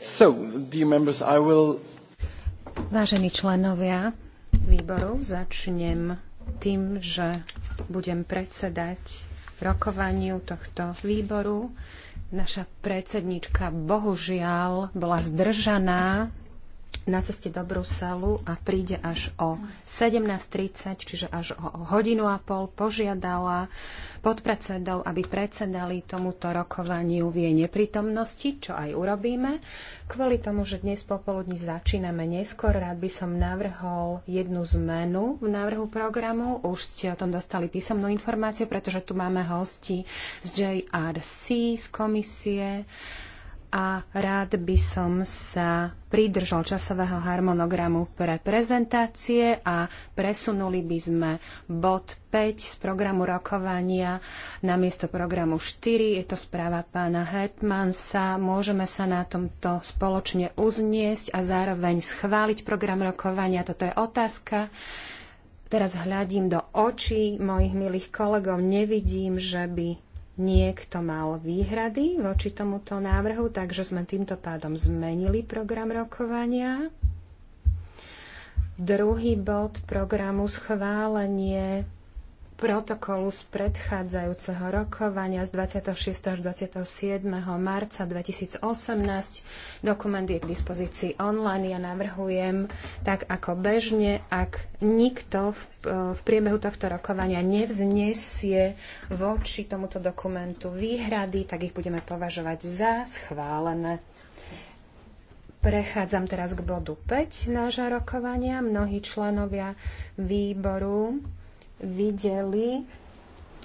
So, dear members, I will... Vážení členovia výboru, začnem tým, že budem predsedať rokovaniu tohto výboru. Naša predsednička bohužiaľ bola zdržaná na ceste do Bruselu a príde až o 17.30, čiže až o hodinu a pol, požiadala podpredsedov, aby predsedali tomuto rokovaniu v jej neprítomnosti, čo aj urobíme. Kvôli tomu, že dnes popoludní začíname neskôr, rád by som navrhol jednu zmenu v návrhu programu. Už ste o tom dostali písomnú informáciu, pretože tu máme hosti z JRC, z komisie, a rád by som sa pridržal časového harmonogramu pre prezentácie a presunuli by sme bod 5 z programu rokovania na miesto programu 4. Je to správa pána Hetmansa. Môžeme sa na tomto spoločne uzniesť a zároveň schváliť program rokovania. Toto je otázka. Teraz hľadím do očí mojich milých kolegov. Nevidím, že by niekto mal výhrady voči tomuto návrhu, takže sme týmto pádom zmenili program rokovania. Druhý bod programu schválenie protokolu z predchádzajúceho rokovania z 26. až 27. marca 2018. Dokument je k dispozícii online. Ja navrhujem tak ako bežne, ak nikto v, v priebehu tohto rokovania nevznesie voči tomuto dokumentu výhrady, tak ich budeme považovať za schválené. Prechádzam teraz k bodu 5 nášho rokovania. Mnohí členovia výboru videli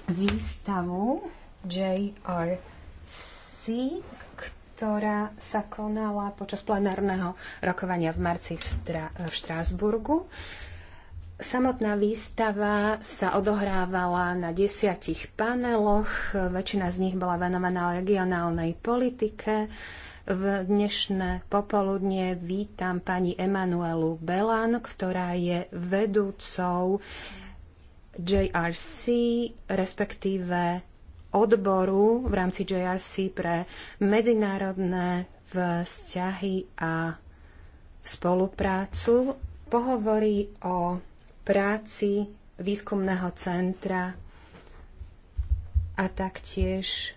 výstavu JRC, ktorá sa konala počas plenárneho rokovania v marci v, Stra- v Štrásburgu. Samotná výstava sa odohrávala na desiatich paneloch, väčšina z nich bola venovaná regionálnej politike. V dnešné popoludne vítam pani Emanuelu Belan, ktorá je vedúcou JRC, respektíve odboru v rámci JRC pre medzinárodné vzťahy a spoluprácu. Pohovorí o práci výskumného centra a taktiež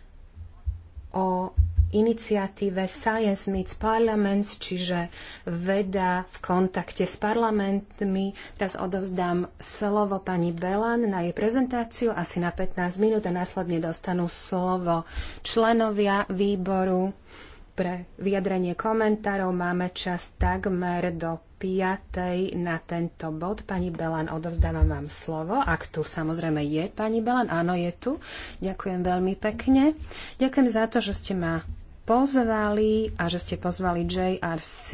o iniciatíve Science Meets Parliaments, čiže veda v kontakte s parlamentmi. Teraz odovzdám slovo pani Belan na jej prezentáciu asi na 15 minút a následne dostanú slovo členovia výboru pre vyjadrenie komentárov. Máme čas takmer do 5. na tento bod. Pani Belan, odovzdávam vám slovo. Ak tu samozrejme je pani Belan, áno, je tu. Ďakujem veľmi pekne. Ďakujem za to, že ste ma pozvali a že ste pozvali JRC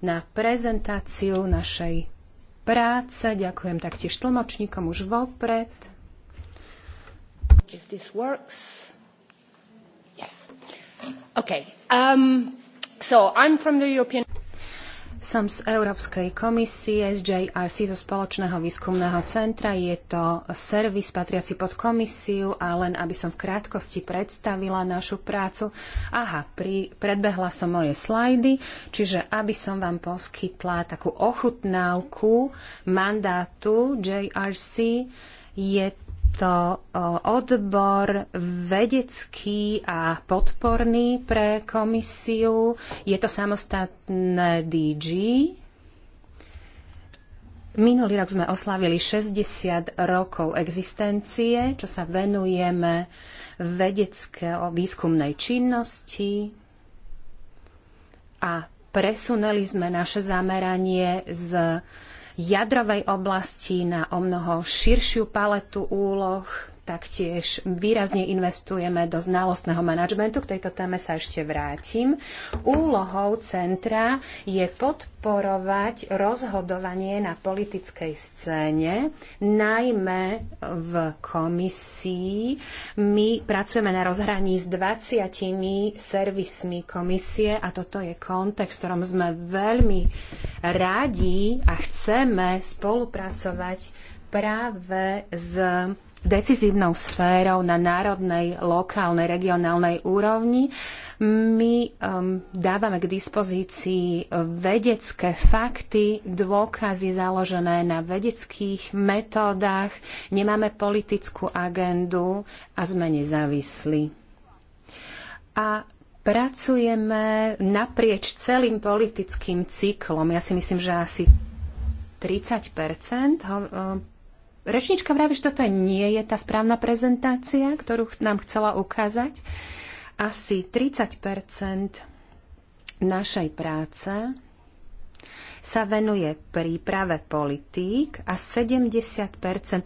na prezentáciu našej práce. Ďakujem taktiež tlmočníkom už vopred. If this works. Yes. Okay. Um, so I'm from the European... Som z Európskej komisie, z JRC, zo Spoločného výskumného centra. Je to servis patriaci pod komisiu a len aby som v krátkosti predstavila našu prácu. Aha, pri, predbehla som moje slajdy, čiže aby som vám poskytla takú ochutnávku mandátu JRC, je to odbor vedecký a podporný pre komisiu. Je to samostatné DG. Minulý rok sme oslavili 60 rokov existencie, čo sa venujeme vedeckého výskumnej činnosti a presuneli sme naše zameranie z jadrovej oblasti na o mnoho širšiu paletu úloh, Taktiež výrazne investujeme do znalostného manažmentu. K tejto téme sa ešte vrátim. Úlohou centra je podporovať rozhodovanie na politickej scéne, najmä v komisii. My pracujeme na rozhraní s 20 servismi komisie a toto je kontext, v ktorom sme veľmi radi a chceme spolupracovať práve s decizívnou sférou na národnej, lokálnej, regionálnej úrovni. My um, dávame k dispozícii vedecké fakty, dôkazy založené na vedeckých metódach, nemáme politickú agendu a sme nezávislí. A pracujeme naprieč celým politickým cyklom. Ja si myslím, že asi 30 Rečnička vraví, že toto nie je tá správna prezentácia, ktorú nám chcela ukázať. Asi 30 našej práce sa venuje príprave politík a 70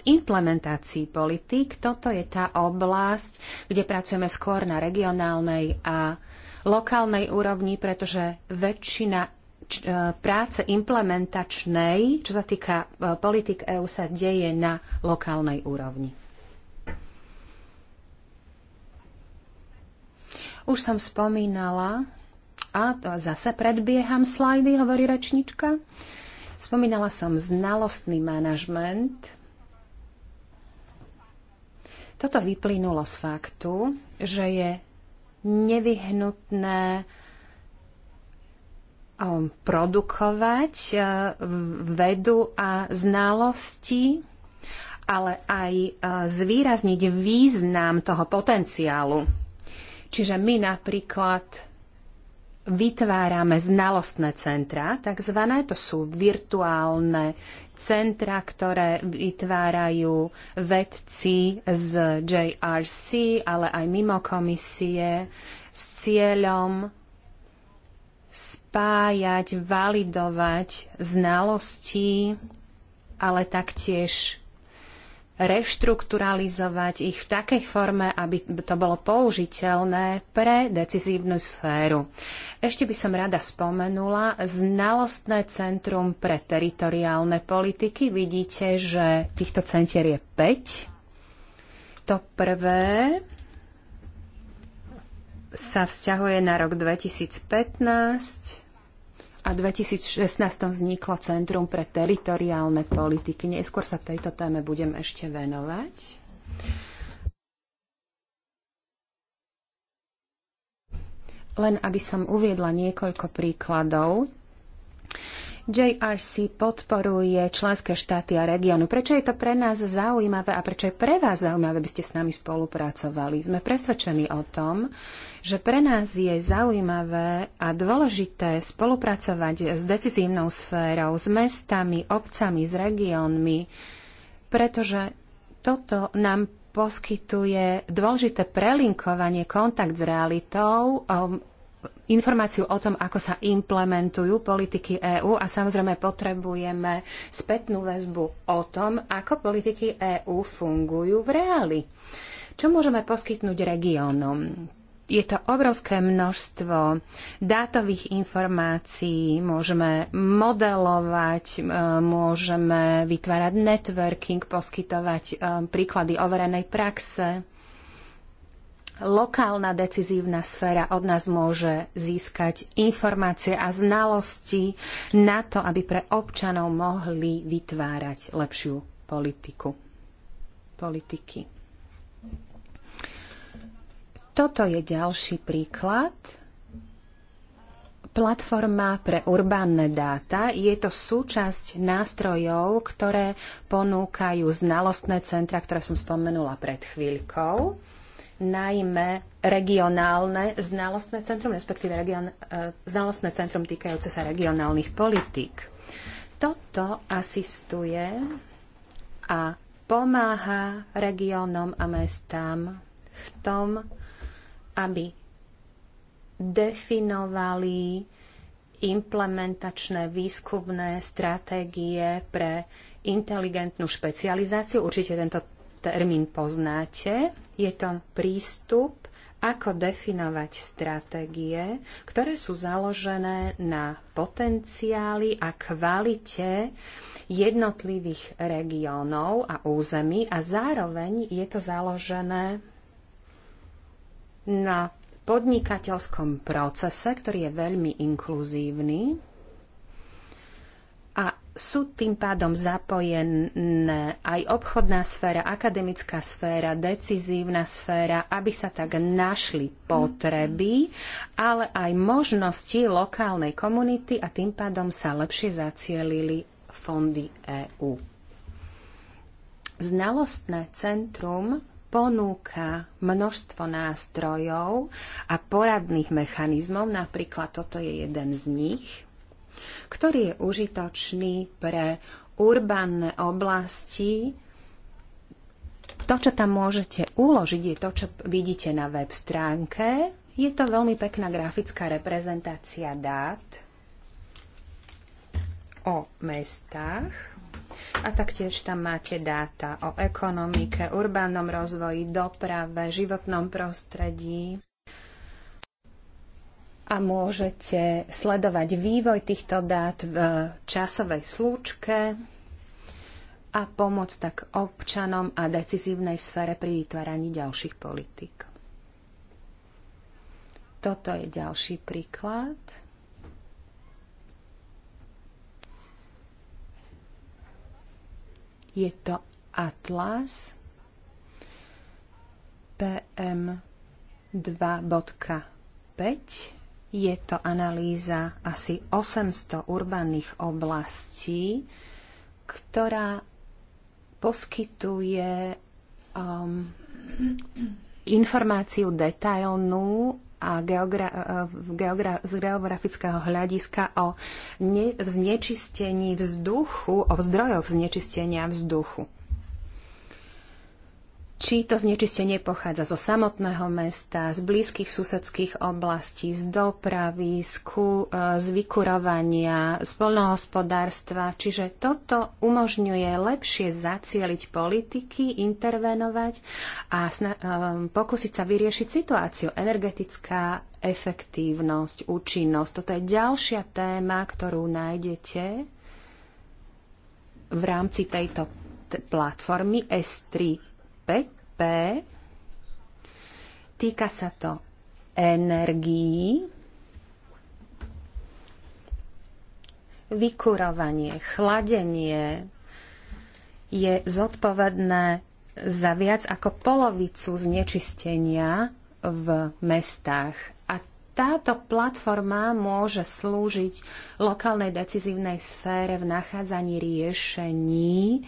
implementácií politík. Toto je tá oblasť, kde pracujeme skôr na regionálnej a lokálnej úrovni, pretože väčšina E, práce implementačnej, čo sa týka e, politik EÚ, sa deje na lokálnej úrovni. Už som spomínala, a to zase predbieham slajdy, hovorí rečnička. Spomínala som znalostný manažment. Toto vyplynulo z faktu, že je nevyhnutné Um, produkovať uh, vedu a znalosti, ale aj uh, zvýrazniť význam toho potenciálu. Čiže my napríklad vytvárame znalostné centra, takzvané, to sú virtuálne centra, ktoré vytvárajú vedci z JRC, ale aj mimo komisie s cieľom spájať, validovať znalosti, ale taktiež reštrukturalizovať ich v takej forme, aby to bolo použiteľné pre decizívnu sféru. Ešte by som rada spomenula znalostné centrum pre teritoriálne politiky. Vidíte, že týchto centier je 5. To prvé sa vzťahuje na rok 2015 a 2016 vzniklo Centrum pre teritoriálne politiky. Neskôr sa tejto téme budem ešte venovať. Len aby som uviedla niekoľko príkladov. JRC podporuje členské štáty a regiónu. Prečo je to pre nás zaujímavé a prečo je pre vás zaujímavé, aby ste s nami spolupracovali? Sme presvedčení o tom, že pre nás je zaujímavé a dôležité spolupracovať s decizívnou sférou, s mestami, obcami, s regiónmi, pretože toto nám poskytuje dôležité prelinkovanie, kontakt s realitou, um, informáciu o tom, ako sa implementujú politiky EÚ a samozrejme potrebujeme spätnú väzbu o tom, ako politiky EÚ fungujú v reáli. Čo môžeme poskytnúť regiónom? je to obrovské množstvo dátových informácií, môžeme modelovať, e, môžeme vytvárať networking, poskytovať e, príklady overenej praxe lokálna decizívna sféra od nás môže získať informácie a znalosti na to, aby pre občanov mohli vytvárať lepšiu politiku. Politiky. Toto je ďalší príklad. Platforma pre urbánne dáta je to súčasť nástrojov, ktoré ponúkajú znalostné centra, ktoré som spomenula pred chvíľkou najmä regionálne znalostné centrum, respektíve region, e, znalostné centrum týkajúce sa regionálnych politík. Toto asistuje a pomáha regiónom a mestám v tom, aby definovali implementačné výskumné stratégie pre inteligentnú špecializáciu. Určite tento termín poznáte. Je to prístup, ako definovať stratégie, ktoré sú založené na potenciáli a kvalite jednotlivých regiónov a území a zároveň je to založené na podnikateľskom procese, ktorý je veľmi inkluzívny sú tým pádom zapojené aj obchodná sféra, akademická sféra, decizívna sféra, aby sa tak našli potreby, ale aj možnosti lokálnej komunity a tým pádom sa lepšie zacielili fondy EÚ. Znalostné centrum ponúka množstvo nástrojov a poradných mechanizmov, napríklad toto je jeden z nich, ktorý je užitočný pre urbánne oblasti. To, čo tam môžete uložiť, je to, čo vidíte na web stránke. Je to veľmi pekná grafická reprezentácia dát o mestách. A taktiež tam máte dáta o ekonomike, urbánnom rozvoji, doprave, životnom prostredí a môžete sledovať vývoj týchto dát v e, časovej slúčke a pomôcť tak občanom a decizívnej sfére pri vytváraní ďalších politík. Toto je ďalší príklad. Je to Atlas PM 2.5 je to analýza asi 800 urbaných oblastí, ktorá poskytuje um, informáciu detailnú a geogra- geogra- z geografického hľadiska o ne- znečistení vzduchu, o zdrojoch znečistenia vzduchu či to znečistenie pochádza zo samotného mesta, z blízkych susedských oblastí, z dopravy, z, ku, e, z vykurovania, z polnohospodárstva. Čiže toto umožňuje lepšie zacieliť politiky, intervenovať a e, pokúsiť sa vyriešiť situáciu. Energetická efektívnosť, účinnosť. Toto je ďalšia téma, ktorú nájdete v rámci tejto platformy S3 5P. Týka sa to energií, vykurovanie, chladenie je zodpovedné za viac ako polovicu znečistenia v mestách. A táto platforma môže slúžiť lokálnej decizívnej sfére v nachádzaní riešení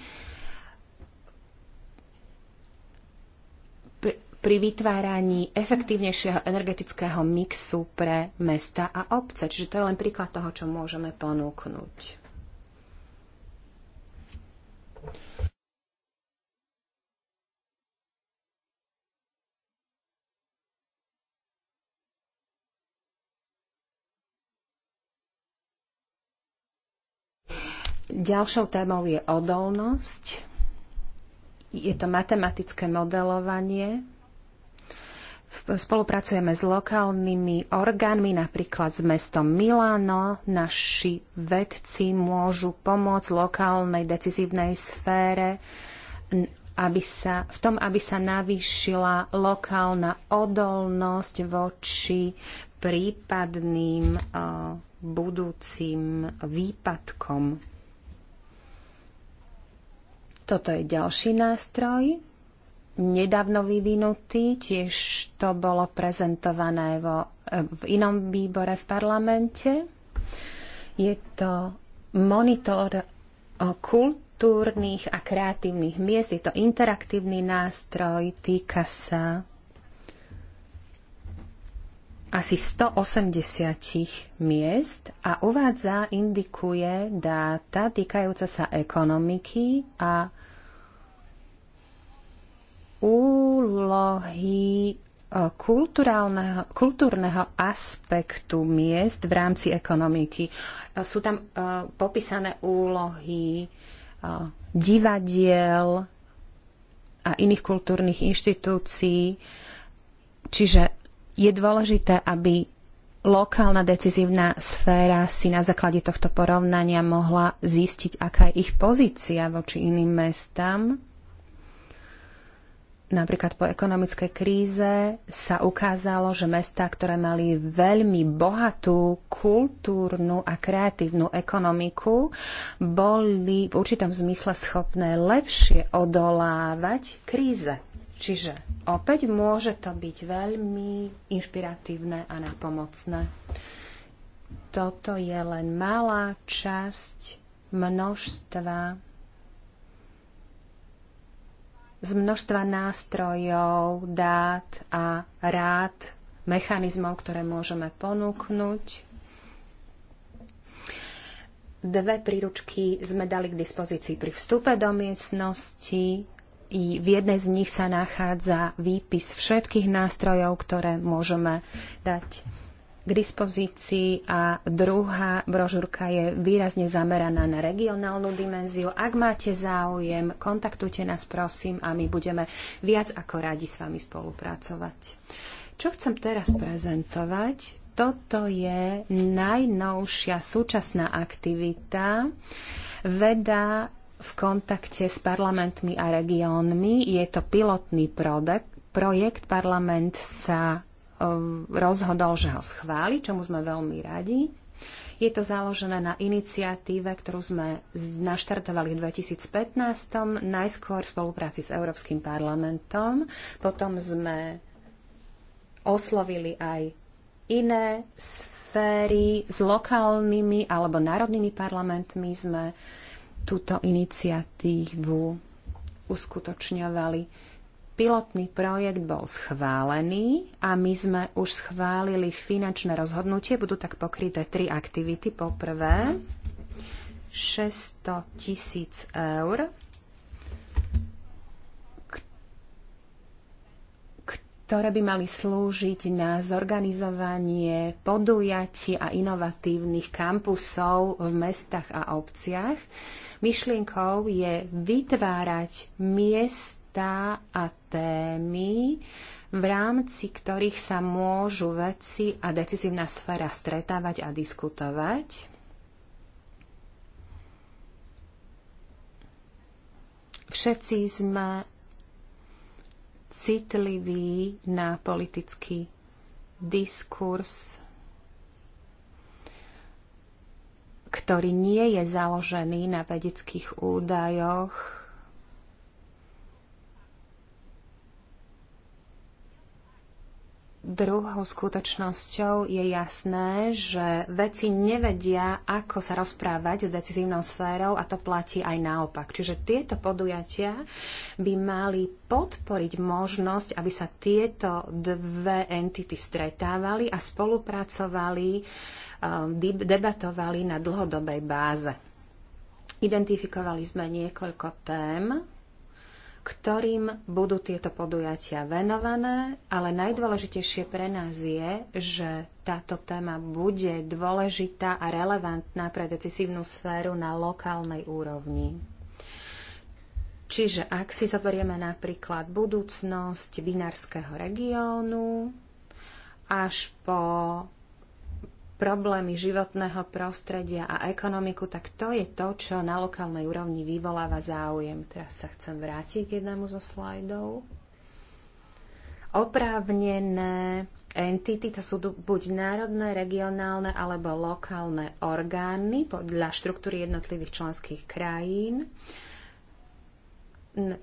pri vytváraní efektívnejšieho energetického mixu pre mesta a obce. Čiže to je len príklad toho, čo môžeme ponúknuť. Ďalšou témou je odolnosť. Je to matematické modelovanie Spolupracujeme s lokálnymi orgánmi, napríklad s mestom Milano. Naši vedci môžu pomôcť lokálnej decizívnej sfére aby sa, v tom, aby sa navýšila lokálna odolnosť voči prípadným uh, budúcim výpadkom. Toto je ďalší nástroj, nedávno vyvinutý, tiež to bolo prezentované vo, e, v inom výbore v parlamente. Je to monitor kultúrnych a kreatívnych miest, je to interaktívny nástroj, týka sa asi 180 miest a uvádza, indikuje dáta týkajúce sa ekonomiky a Eh, kultúrneho aspektu miest v rámci ekonomiky. Eh, sú tam eh, popísané úlohy divadiel a iných kultúrnych inštitúcií. Čiže je dôležité, aby lokálna decizívna sféra si na základe tohto porovnania mohla zistiť, aká je ich pozícia voči iným mestám Napríklad po ekonomickej kríze sa ukázalo, že mesta, ktoré mali veľmi bohatú kultúrnu a kreatívnu ekonomiku, boli v určitom zmysle schopné lepšie odolávať kríze. Čiže opäť môže to byť veľmi inšpiratívne a napomocné. Toto je len malá časť množstva z množstva nástrojov, dát a rád, mechanizmov, ktoré môžeme ponúknuť. Dve príručky sme dali k dispozícii pri vstupe do miestnosti. i V jednej z nich sa nachádza výpis všetkých nástrojov, ktoré môžeme dať k dispozícii a druhá brožúrka je výrazne zameraná na regionálnu dimenziu. Ak máte záujem, kontaktujte nás prosím a my budeme viac ako radi s vami spolupracovať. Čo chcem teraz prezentovať? Toto je najnovšia súčasná aktivita. Veda v kontakte s parlamentmi a regiónmi. Je to pilotný projekt parlament sa rozhodol, že ho schváli, čomu sme veľmi radi. Je to založené na iniciatíve, ktorú sme naštartovali v 2015, najskôr v spolupráci s Európskym parlamentom. Potom sme oslovili aj iné sféry s lokálnymi alebo národnými parlamentmi sme túto iniciatívu uskutočňovali pilotný projekt bol schválený a my sme už schválili finančné rozhodnutie. Budú tak pokryté tri aktivity. Po prvé 600 tisíc eur, ktoré by mali slúžiť na zorganizovanie podujatí a inovatívnych kampusov v mestách a obciach. Myšlienkou je vytvárať miest miesta a témy, v rámci ktorých sa môžu veci a decisívna sféra stretávať a diskutovať. Všetci sme citliví na politický diskurs, ktorý nie je založený na vedeckých údajoch, druhou skutočnosťou je jasné, že veci nevedia, ako sa rozprávať s decizívnou sférou a to platí aj naopak. Čiže tieto podujatia by mali podporiť možnosť, aby sa tieto dve entity stretávali a spolupracovali, um, debatovali na dlhodobej báze. Identifikovali sme niekoľko tém, ktorým budú tieto podujatia venované, ale najdôležitejšie pre nás je, že táto téma bude dôležitá a relevantná pre decisívnu sféru na lokálnej úrovni. Čiže ak si zoberieme napríklad budúcnosť vinárskeho regiónu až po problémy životného prostredia a ekonomiku, tak to je to, čo na lokálnej úrovni vyvoláva záujem. Teraz sa chcem vrátiť k jednému zo slajdov. Oprávnené entity, to sú buď národné, regionálne alebo lokálne orgány podľa štruktúry jednotlivých členských krajín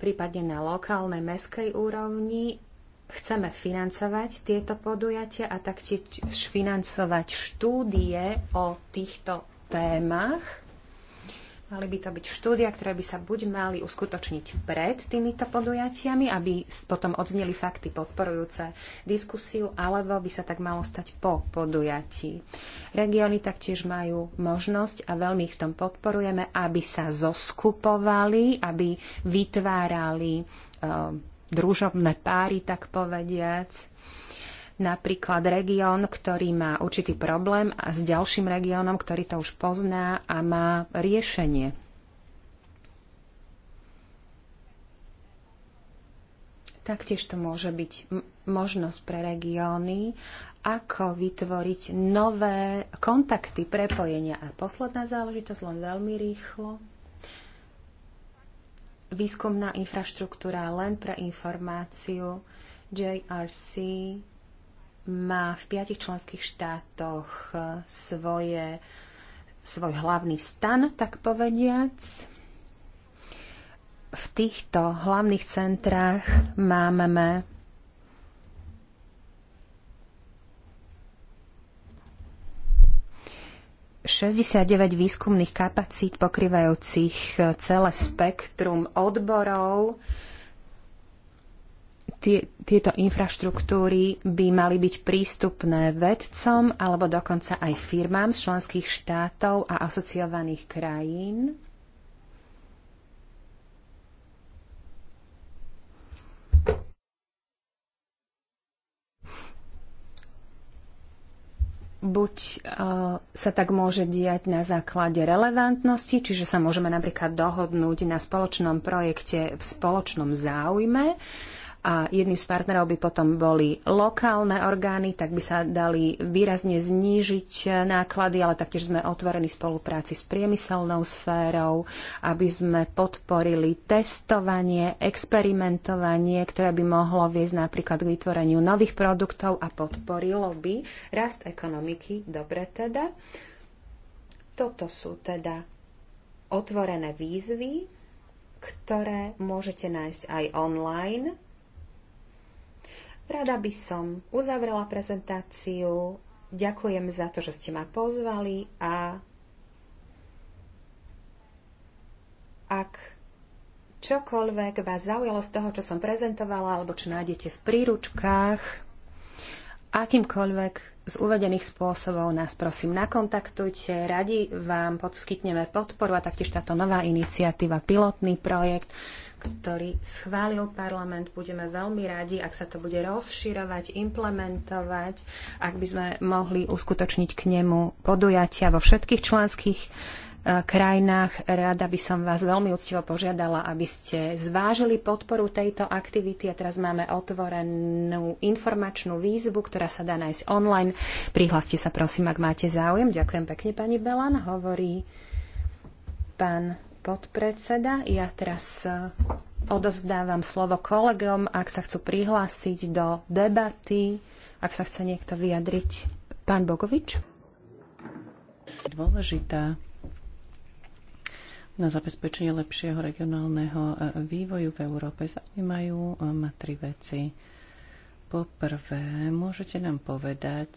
prípadne na lokálnej meskej úrovni chceme financovať tieto podujatia a taktiež financovať štúdie o týchto témach. Mali by to byť štúdia, ktoré by sa buď mali uskutočniť pred týmito podujatiami, aby potom odzneli fakty podporujúce diskusiu, alebo by sa tak malo stať po podujatí. Regióny taktiež majú možnosť a veľmi ich v tom podporujeme, aby sa zoskupovali, aby vytvárali ehm, družobné páry, tak povediac. Napríklad región, ktorý má určitý problém a s ďalším regiónom, ktorý to už pozná a má riešenie. Taktiež to môže byť možnosť pre regióny, ako vytvoriť nové kontakty, prepojenia. A posledná záležitosť, len veľmi rýchlo výskumná infraštruktúra len pre informáciu JRC má v piatich členských štátoch eh, svoje, svoj hlavný stan, tak povediac. V týchto hlavných centrách máme 69 výskumných kapacít pokrývajúcich e, celé spektrum odborov. tieto infraštruktúry by mali byť prístupné vedcom alebo dokonca aj firmám z členských štátov a asociovaných krajín. buď e, sa tak môže diať na základe relevantnosti, čiže sa môžeme napríklad dohodnúť na spoločnom projekte v spoločnom záujme, a jedným z partnerov by potom boli lokálne orgány, tak by sa dali výrazne znížiť náklady, ale taktiež sme otvorení spolupráci s priemyselnou sférou, aby sme podporili testovanie, experimentovanie, ktoré by mohlo viesť napríklad k vytvoreniu nových produktov a podporilo by rast ekonomiky. Dobre teda. Toto sú teda otvorené výzvy, ktoré môžete nájsť aj online Rada by som uzavrela prezentáciu. Ďakujem za to, že ste ma pozvali a ak čokoľvek vás zaujalo z toho, čo som prezentovala, alebo čo nájdete v príručkách, akýmkoľvek z uvedených spôsobov nás prosím nakontaktujte, radi vám poskytneme podporu a taktiež táto nová iniciatíva, pilotný projekt, ktorý schválil parlament. Budeme veľmi radi, ak sa to bude rozširovať, implementovať, ak by sme mohli uskutočniť k nemu podujatia vo všetkých členských e, krajinách. Rada by som vás veľmi úctivo požiadala, aby ste zvážili podporu tejto aktivity a teraz máme otvorenú informačnú výzvu, ktorá sa dá nájsť online. Prihláste sa prosím, ak máte záujem. Ďakujem pekne, pani Belan. Hovorí pán podpredseda. Ja teraz e, odovzdávam slovo kolegom, ak sa chcú prihlásiť do debaty, ak sa chce niekto vyjadriť. Pán Bogovič? Dôležitá na zabezpečenie lepšieho regionálneho e, vývoju v Európe zaujímajú e, ma tri veci. Poprvé, môžete nám povedať,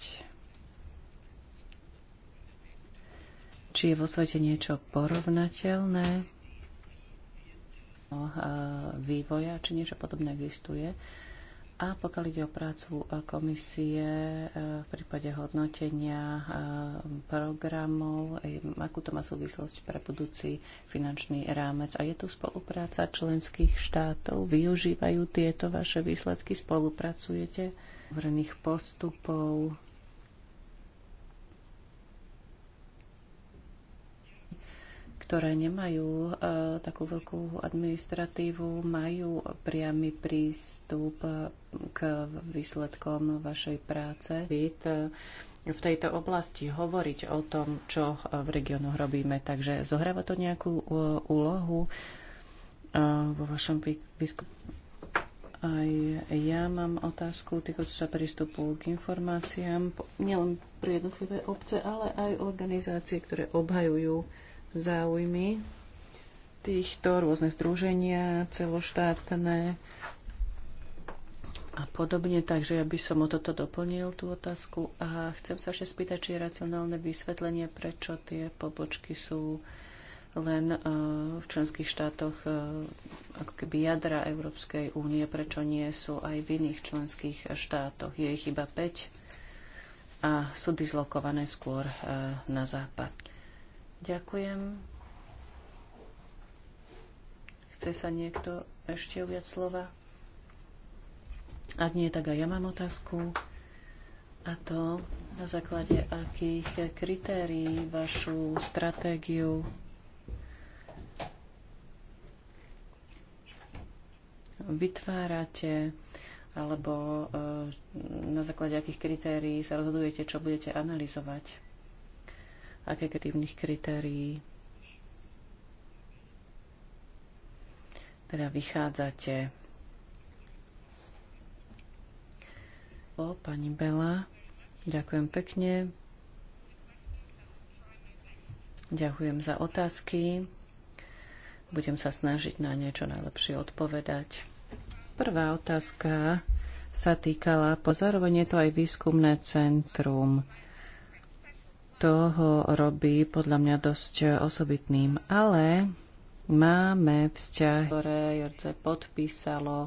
či je vo svete niečo porovnateľné vývoja, či niečo podobné existuje. A pokiaľ ide o prácu komisie e, v prípade hodnotenia e, programov, e, akú to má súvislosť pre budúci finančný rámec. A je tu spolupráca členských štátov? Využívajú tieto vaše výsledky? Spolupracujete? Vrených postupov? ktoré nemajú e, takú veľkú administratívu, majú priamy prístup k výsledkom vašej práce. E, v tejto oblasti hovoriť o tom, čo e, v regiónoch robíme. Takže zohráva to nejakú úlohu vo vašom výskupu. Aj ja mám otázku týkajúcu sa prístupu k informáciám, nielen pre jednotlivé obce, ale aj organizácie, ktoré obhajujú záujmy týchto rôzne združenia celoštátne a podobne. Takže ja by som o toto doplnil tú otázku a chcem sa ešte spýtať, či je racionálne vysvetlenie, prečo tie pobočky sú len e, v členských štátoch e, ako keby jadra Európskej únie, prečo nie sú aj v iných členských štátoch. Je ich iba 5 a sú dislokované skôr e, na západ. Ďakujem. Chce sa niekto ešte uviať slova? Ak nie, tak aj ja mám otázku. A to na základe akých kritérií vašu stratégiu vytvárate, alebo eh, na základe akých kritérií sa rozhodujete, čo budete analyzovať? agregatívnych kritérií. Teda vychádzate o pani Bela. Ďakujem pekne. Ďakujem za otázky. Budem sa snažiť na niečo najlepšie odpovedať. Prvá otázka sa týkala, pozároveň je to aj výskumné centrum. To ho robí podľa mňa dosť osobitným. Ale máme vzťah, ktoré Jorce podpísalo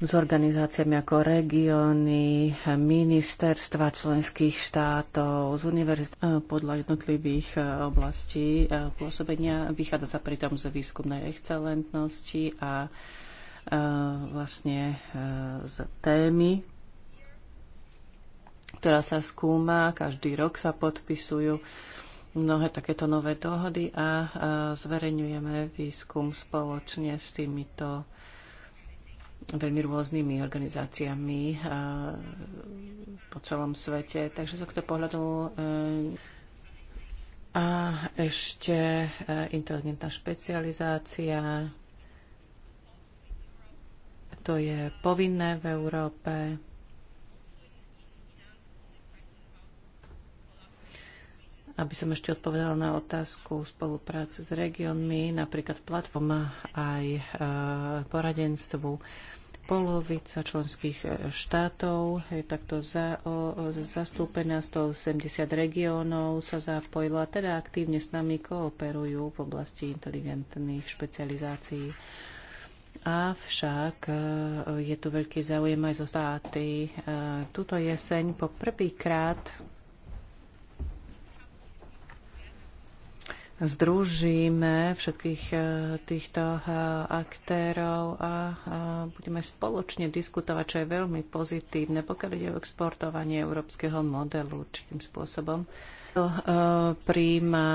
s organizáciami ako regióny, ministerstva členských štátov, z univerzit eh, podľa jednotlivých eh, oblastí eh, pôsobenia. Vychádza sa pritom z výskumnej excelentnosti a vlastne z témy ktorá sa skúma, každý rok sa podpisujú mnohé takéto nové dohody a zverejňujeme výskum spoločne s týmito veľmi rôznymi organizáciami po celom svete. Takže z tohto pohľadu e, a ešte e, inteligentná špecializácia. To je povinné v Európe. aby som ešte odpovedala na otázku spolupráce s regiónmi, napríklad platforma aj e, poradenstvu. Polovica členských e, štátov je takto za, o, zastúpená, 180 regiónov sa zapojila, teda aktívne s nami kooperujú v oblasti inteligentných špecializácií. Avšak e, je tu veľký záujem aj zo státy. Tuto jeseň po prvýkrát združíme všetkých eh, týchto eh, aktérov a budeme spoločne diskutovať, čo je veľmi pozitívne, pokiaľ ide o exportovanie európskeho modelu určitým spôsobom. To eh, príjma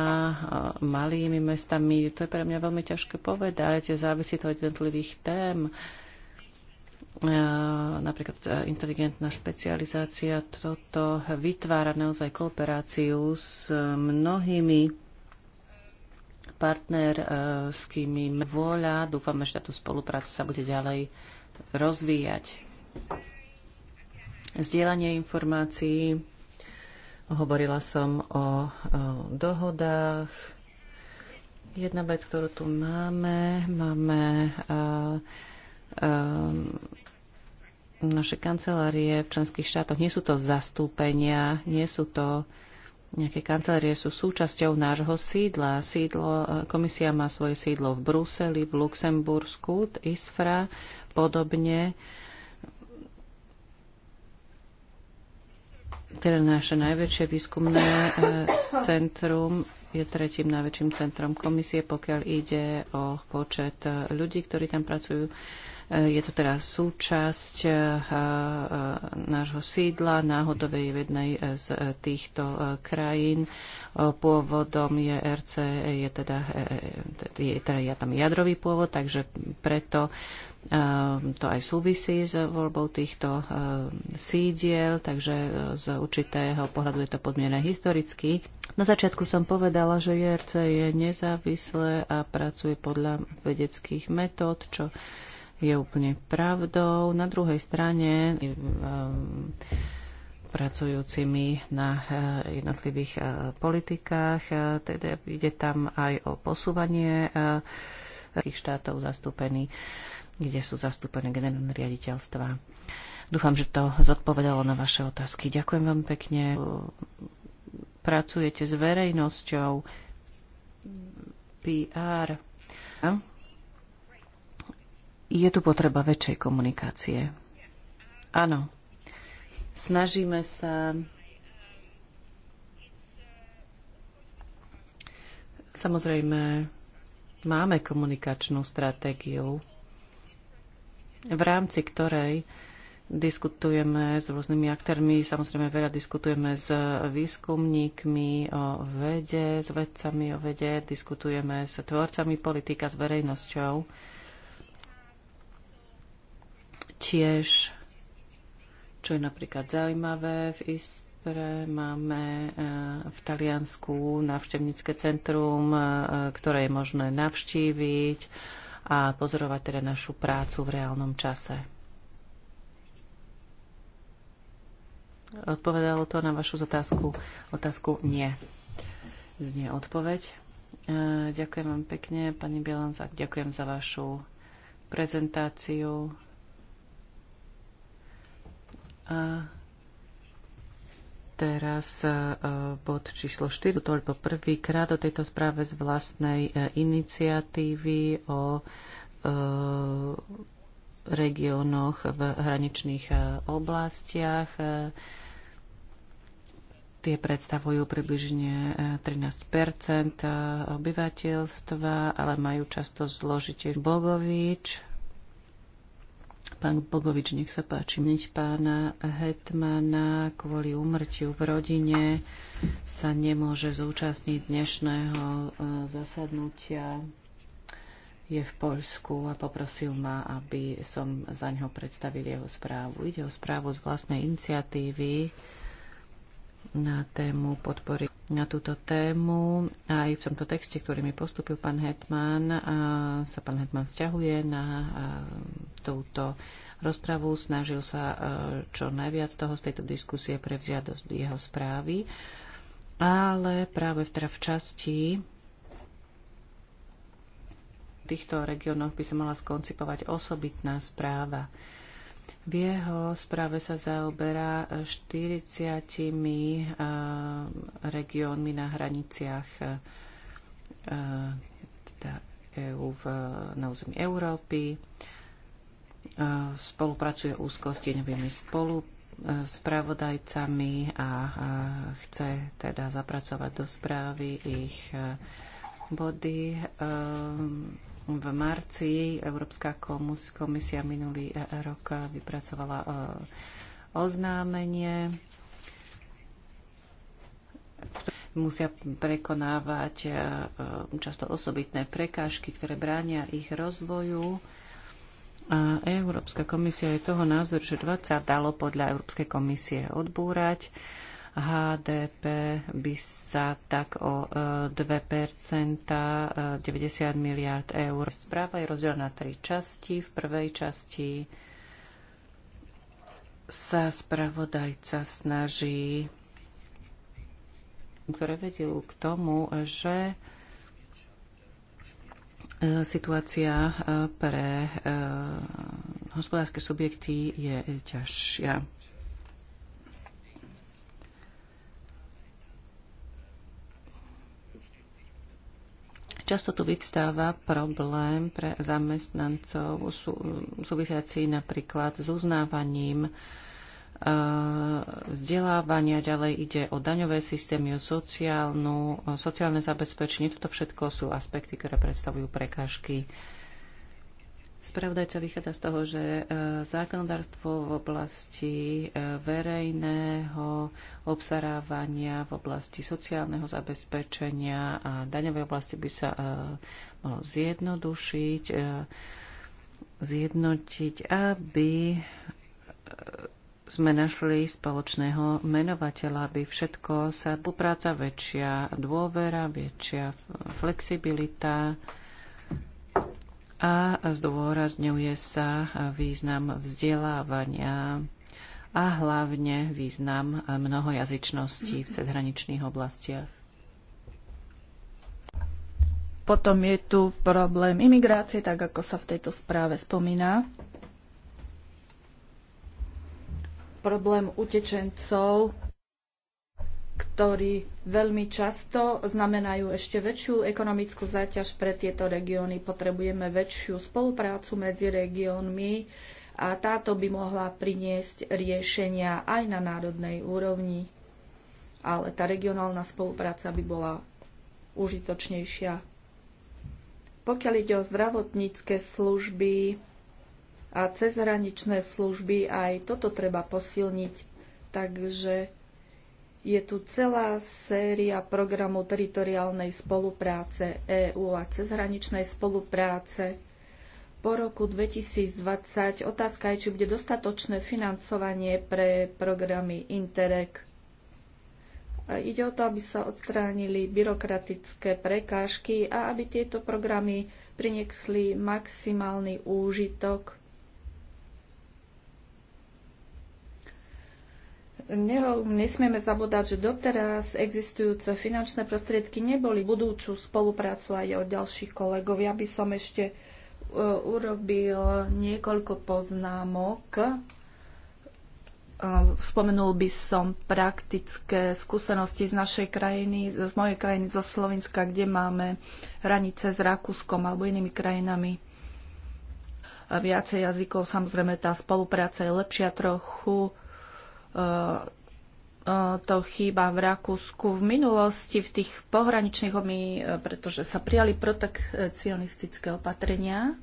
malými mestami, to je pre mňa veľmi ťažké povedať, závisí to od jednotlivých tém napríklad inteligentná špecializácia toto vytvára naozaj kooperáciu s mnohými Partner, e, s im vôľa. Dúfame, že táto spolupráca sa bude ďalej rozvíjať. Zdieľanie informácií. Hovorila som o, dohodách. Jedna vec, ktorú tu máme, máme e, e, naše kancelárie v členských štátoch. Nie sú to zastúpenia, nie sú to Nejaké kancelárie sú súčasťou nášho sídla. sídlo. E, komisia má svoje sídlo v Bruseli, v Luxembursku, ISFRA, podobne. Teda naše najväčšie výskumné e, centrum je tretím najväčším centrom komisie, pokiaľ ide o počet e, ľudí, ktorí tam pracujú. Eh, je to teraz súčasť eh, eh, nášho sídla, náhodovej v jednej z týchto krajín. Pôvodom je RC, je teda, je, teda ja tam jadrový pôvod, takže preto to aj súvisí s voľbou týchto sídiel, takže z určitého pohľadu je to podmienené historicky. Na začiatku som povedala, že JRC je nezávislé a pracuje podľa vedeckých metód, čo je úplne pravdou. Na druhej strane e, e, pracujúcimi na e, jednotlivých politikách. Teda ide tam aj o posúvanie tých štátov zastúpení, kde sú zastúpené generálne riaditeľstva. Dúfam, že to zodpovedalo na vaše otázky. Ďakujem vám pekne. Pracujete s verejnosťou, PR je tu potreba väčšej komunikácie. Áno. Snažíme sa Samozrejme, máme komunikačnú stratégiu, v rámci ktorej diskutujeme s rôznymi aktérmi, samozrejme veľa diskutujeme s výskumníkmi o vede, s vedcami o vede, diskutujeme s tvorcami politika, s verejnosťou tiež, čo je napríklad zaujímavé, v Ispre máme e, v Taliansku návštevnícke centrum, e, ktoré je možné navštíviť a pozorovať teda našu prácu v reálnom čase. Odpovedalo to na vašu otázku? Otázku nie. Znie odpoveď. E, ďakujem vám pekne, pani Bielanzak. Ďakujem za vašu prezentáciu. A teraz e, bod číslo 4, toľko prvýkrát o tejto správe z vlastnej e, iniciatívy o e, regiónoch v hraničných oblastiach. Tie predstavujú približne 13 obyvateľstva, ale majú často zložitie Bogovič, Pán Bogovič, nech sa páči. Mniť pána Hetmana kvôli úmrtiu v rodine sa nemôže zúčastniť dnešného e, zasadnutia. Je v Poľsku a poprosil ma, aby som za neho predstavil jeho správu. Ide o správu z vlastnej iniciatívy na tému podpory. Na túto tému aj v tomto texte, ktorý mi postupil pán Hetman, sa pán Hetman vzťahuje na túto rozpravu. Snažil sa čo najviac toho z tejto diskusie prevziať do jeho správy. Ale práve v, teda v časti týchto regiónoch by sa mala skoncipovať osobitná správa v jeho správe sa zaoberá 40 eh, eh, regiónmi na hraniciach eh, teda EU v, na území Európy. Spolupracuje úzko s deňovými spolu spravodajcami a chce teda zapracovať do správy ich body ehm, v marci Európska komisia minulý e, rok vypracovala e, oznámenie, musia prekonávať e, často osobitné prekážky, ktoré bránia ich rozvoju. A Európska komisia je toho názor, že 20 dalo podľa Európskej komisie odbúrať. HDP by sa tak o 2 90 miliard eur. Správa je rozdelená na tri časti. V prvej časti sa spravodajca snaží ktoré k tomu, že e, situácia e, pre e, hospodárske subjekty je ťažšia. Často tu vyvstáva problém pre zamestnancov sú, súvisiaci napríklad s uznávaním e, vzdelávania, ďalej ide o daňové systémy, o sociálnu, o sociálne zabezpečenie. Toto všetko sú aspekty, ktoré predstavujú prekážky Spravodajca vychádza z toho, že e, zákonodárstvo v oblasti e, verejného obsarávania, v oblasti sociálneho zabezpečenia a daňovej oblasti by sa e, malo zjednodušiť, zjednotiť, aby sme našli spoločného menovateľa, aby všetko sa popráca väčšia dôvera, väčšia flexibilita, a zdôrazňuje sa význam vzdelávania a hlavne význam mnohojazyčnosti v cedhraničných oblastiach. Potom je tu problém imigrácie, tak ako sa v tejto správe spomína. Problém utečencov ktorí veľmi často znamenajú ešte väčšiu ekonomickú záťaž pre tieto regióny. Potrebujeme väčšiu spoluprácu medzi regiónmi a táto by mohla priniesť riešenia aj na národnej úrovni. Ale tá regionálna spolupráca by bola užitočnejšia. Pokiaľ ide o zdravotnícke služby a cezhraničné služby, aj toto treba posilniť. Takže je tu celá séria programov teritoriálnej spolupráce EÚ a cezhraničnej spolupráce. Po roku 2020 otázka je, či bude dostatočné financovanie pre programy Interreg. Ide o to, aby sa odstránili byrokratické prekážky a aby tieto programy priniesli maximálny úžitok Neho, nesmieme zabúdať, že doteraz existujúce finančné prostriedky neboli budúcu spoluprácu aj od ďalších kolegov. Ja by som ešte e, urobil niekoľko poznámok. E, spomenul by som praktické skúsenosti z našej krajiny, z mojej krajiny, zo Slovenska, kde máme hranice s Rakúskom alebo inými krajinami viacej jazykov. Samozrejme, tá spolupráca je lepšia trochu E, e, to chýba v Rakúsku v minulosti, v tých pohraničných homí, e, pretože sa prijali protekcionistické opatrenia.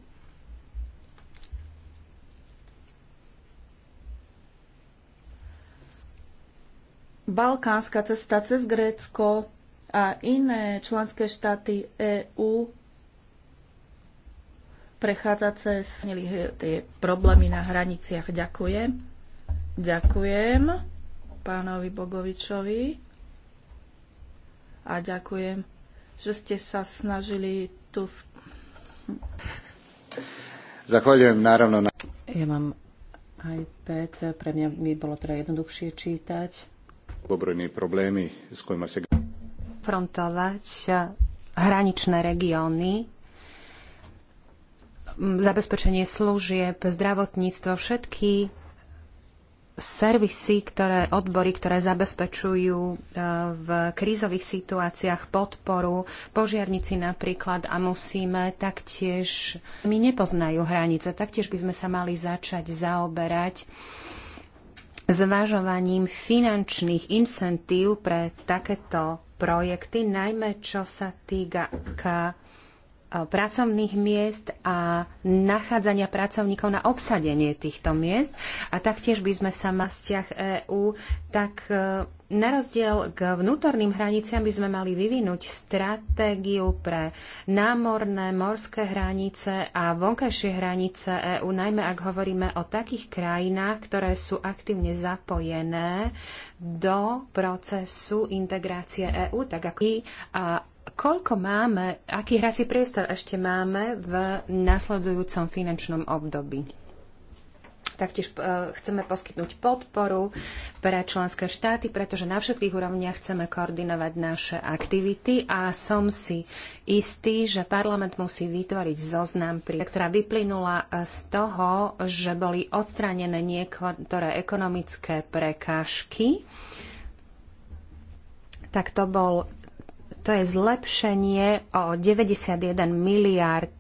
Balkánska cesta cez Grécko a iné členské štáty EÚ prechádza cez tie problémy na hraniciach. Ďakujem. Ďakujem pánovi Bogovičovi a ďakujem, že ste sa snažili tu... Zahvaľujem naravno na... Ja mám iPad, pre mňa by bolo teda jednoduchšie čítať. Obrojné problémy, s ktorými sa... Frontovať hraničné regióny, zabezpečenie služieb, zdravotníctvo, všetky servisy, ktoré, odbory, ktoré zabezpečujú e, v krízových situáciách podporu, požiarnici napríklad a musíme taktiež, my nepoznajú hranice, taktiež by sme sa mali začať zaoberať zvažovaním finančných incentív pre takéto projekty, najmä čo sa týka pracovných miest a nachádzania pracovníkov na obsadenie týchto miest. A taktiež by sme sa na vzťah EÚ tak e, na rozdiel k vnútorným hraniciam by sme mali vyvinúť stratégiu pre námorné, morské hranice a vonkajšie hranice EÚ, najmä ak hovoríme o takých krajinách, ktoré sú aktívne zapojené do procesu integrácie EÚ, tak ako koľko máme, aký hrací priestor ešte máme v nasledujúcom finančnom období? Taktiež e, chceme poskytnúť podporu pre členské štáty, pretože na všetkých úrovniach chceme koordinovať naše aktivity a som si istý, že parlament musí vytvoriť zoznam, ktorá vyplynula z toho, že boli odstránené niektoré ekonomické prekážky tak to bol to je zlepšenie o 91 miliard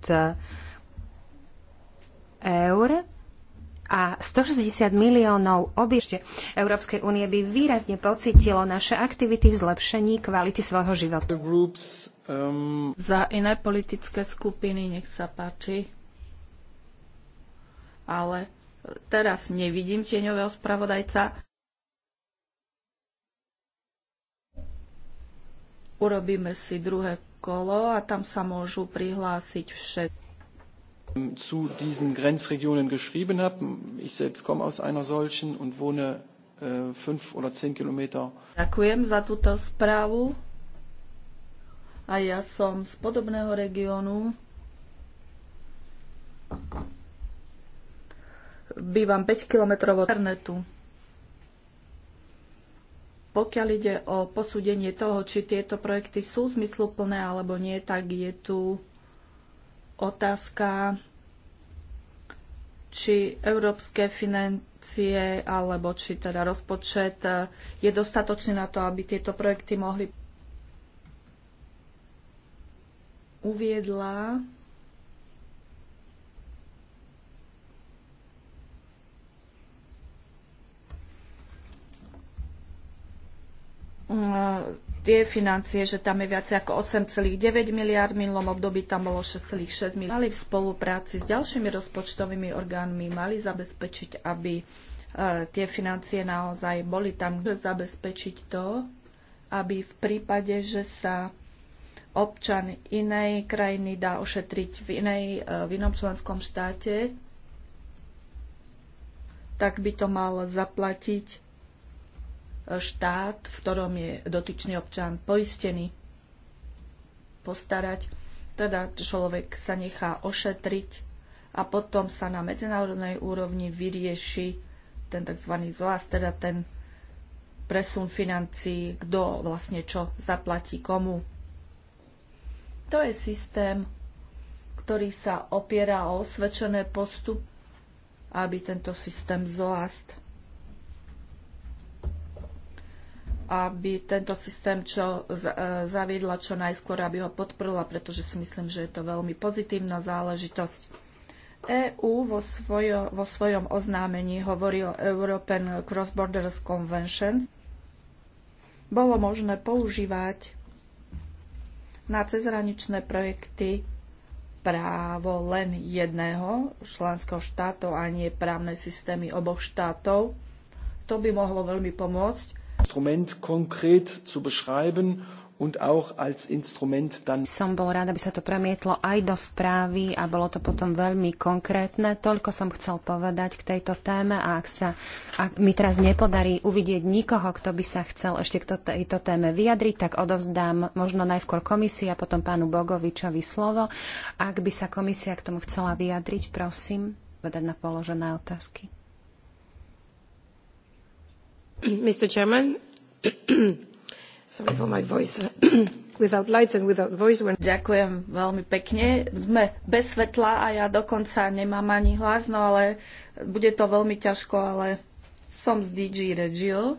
eur a 160 miliónov obiešte Európskej únie by výrazne pocitilo naše aktivity v zlepšení kvality svojho života. Groups, um... Za iné politické skupiny nech sa páči. Ale teraz nevidím tieňového spravodajca. Urobíme si druhé kolo a tam sa môžu prihlásiť všetci zu diesen Grenzregionen geschrieben habe. Ich selbst komme aus einer solchen und wohne äh, oder 10 Kilometer. Ďakujem za túto správu. A ja som z podobného regionu. Bývam 5 kilometrov od internetu. Pokiaľ ide o posúdenie toho, či tieto projekty sú zmysluplné alebo nie, tak je tu otázka, či európske financie alebo či teda rozpočet je dostatočný na to, aby tieto projekty mohli uviedla Mm, tie financie, že tam je viac ako 8,9 miliard, v minulom období tam bolo 6,6 miliard. Mali v spolupráci s ďalšími rozpočtovými orgánmi, mali zabezpečiť, aby e, tie financie naozaj boli tam, zabezpečiť to, aby v prípade, že sa občan inej krajiny dá ošetriť v, inej, e, v inom členskom štáte, tak by to mal zaplatiť štát, v ktorom je dotyčný občan poistený, postarať. Teda človek sa nechá ošetriť a potom sa na medzinárodnej úrovni vyrieši ten tzv. zlás, teda ten presun financií, kto vlastne čo zaplatí komu. To je systém, ktorý sa opiera o osvedčené postup, aby tento systém ZOAST aby tento systém čo e, zaviedla čo najskôr, aby ho podprla, pretože si myslím, že je to veľmi pozitívna záležitosť. EÚ vo, svojo, vo svojom oznámení hovorí o European Cross Borders Convention. Bolo možné používať na cezhraničné projekty právo len jedného členského štátu a nie právne systémy oboch štátov. To by mohlo veľmi pomôcť Instrument konkrét zu beschreiben und auch als Instrument dann. Som bol rád, aby sa to premietlo aj do správy a bolo to potom veľmi konkrétne. Toľko som chcel povedať k tejto téme a ak sa ak mi teraz nepodarí uvidieť nikoho, kto by sa chcel ešte k tejto téme vyjadriť, tak odovzdám možno najskôr a potom pánu Bogovičovi slovo. Ak by sa komisia k tomu chcela vyjadriť, prosím, vedať na položené otázky. Ďakujem veľmi pekne. Sme bez svetla a ja dokonca nemám ani hlas, no ale bude to veľmi ťažko, ale som z DG Regio.